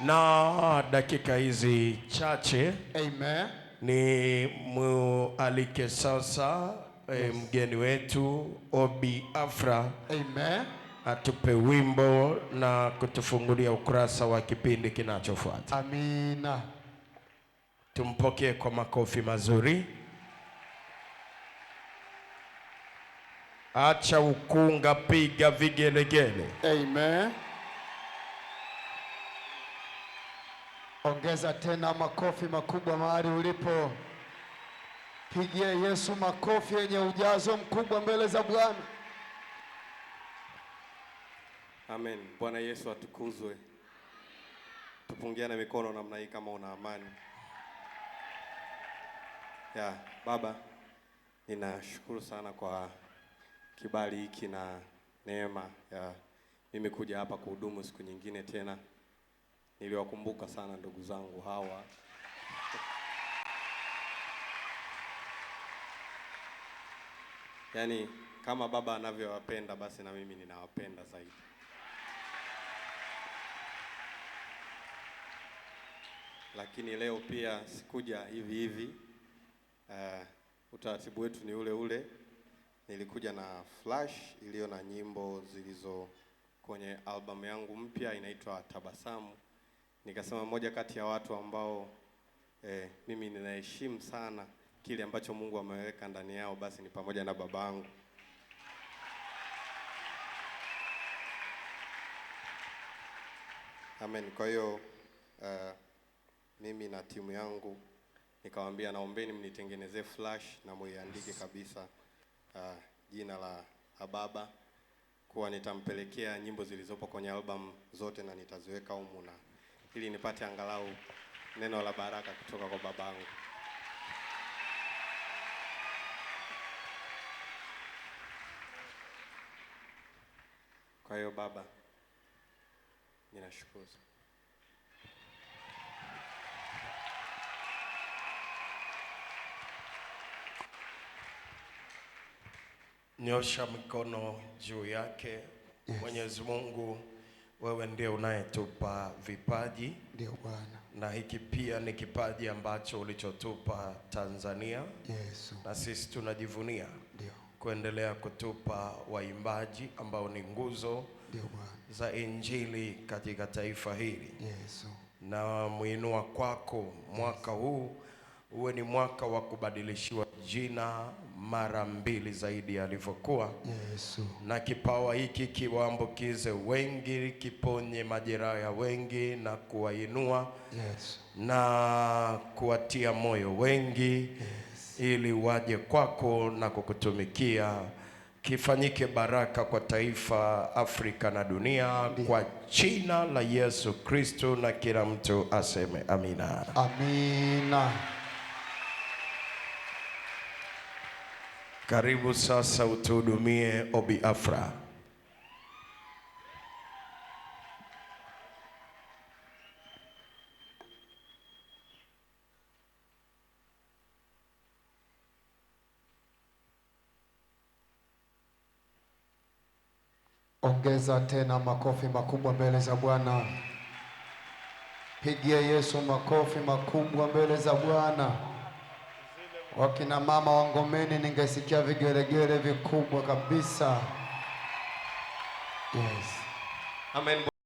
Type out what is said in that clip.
na dakika hizi chache Amen. Ni mualike sasa eh, yes. Mgeni wetu Obi Afra Amen. Atupe wimbo na kutufungulia ukurasa wa kipindi kinachofuata. Amina. Tumpokee kwa makofi mazuri. Acha ukunga, piga vigelegele. Amen. Ongeza tena makofi makubwa mahali ulipo, pigie Yesu makofi yenye ujazo mkubwa mbele za Bwana. Amen. Bwana Yesu atukuzwe. Tupungiane mikono namna hii kama una amani. Ya, Baba, ninashukuru sana kwa kibali hiki na neema ya mimi kuja hapa kuhudumu siku nyingine tena niliwakumbuka sana ndugu zangu hawa yaani kama baba anavyowapenda basi na mimi ninawapenda zaidi. Lakini leo pia sikuja hivi hivi. Uh, utaratibu wetu ni ule ule. Nilikuja na flash iliyo na nyimbo zilizo kwenye albamu yangu mpya inaitwa Tabasamu nikasema moja kati ya watu ambao eh, mimi ninaheshimu sana kile ambacho Mungu ameweka ndani yao, basi ni pamoja na babangu. Amen. Kwa hiyo uh, mimi na timu yangu nikawaambia, naombeni mnitengenezee flash na muiandike kabisa uh, jina la Ababa, kuwa nitampelekea nyimbo zilizopo kwenye album zote na nitaziweka humu na ili nipate angalau neno la baraka kutoka kwa babangu. Kwa hiyo baba, ninashukuru Nyosha mikono juu yake. Yes. Mwenyezi Mungu wewe ndiye unayetupa vipaji. Ndio Bwana. Na hiki pia ni kipaji ambacho ulichotupa Tanzania. Yesu. Na sisi tunajivunia. Ndio. Kuendelea kutupa waimbaji ambao ni nguzo Ndio Bwana. za Injili katika taifa hili. Yesu. Na muinua kwako mwaka huu uwe ni mwaka wa kubadilishiwa jina mara mbili zaidi alivyokuwa Yesu. Na kipawa hiki kiwaambukize wengi, kiponye majeraha ya wengi na kuwainua Yesu. Na kuwatia moyo wengi yes. Ili waje kwako na kukutumikia. Kifanyike baraka kwa taifa, Afrika na dunia Ndi. Kwa jina la Yesu Kristo, na kila mtu aseme amina, amina. Karibu sasa utuhudumie Obiafra. Ongeza tena makofi makubwa mbele za Bwana. Pigia Yesu makofi makubwa mbele za Bwana wakina mama wa Ngomeni, ningesikia vigeregere vikubwa kabisa. Yes. Amen.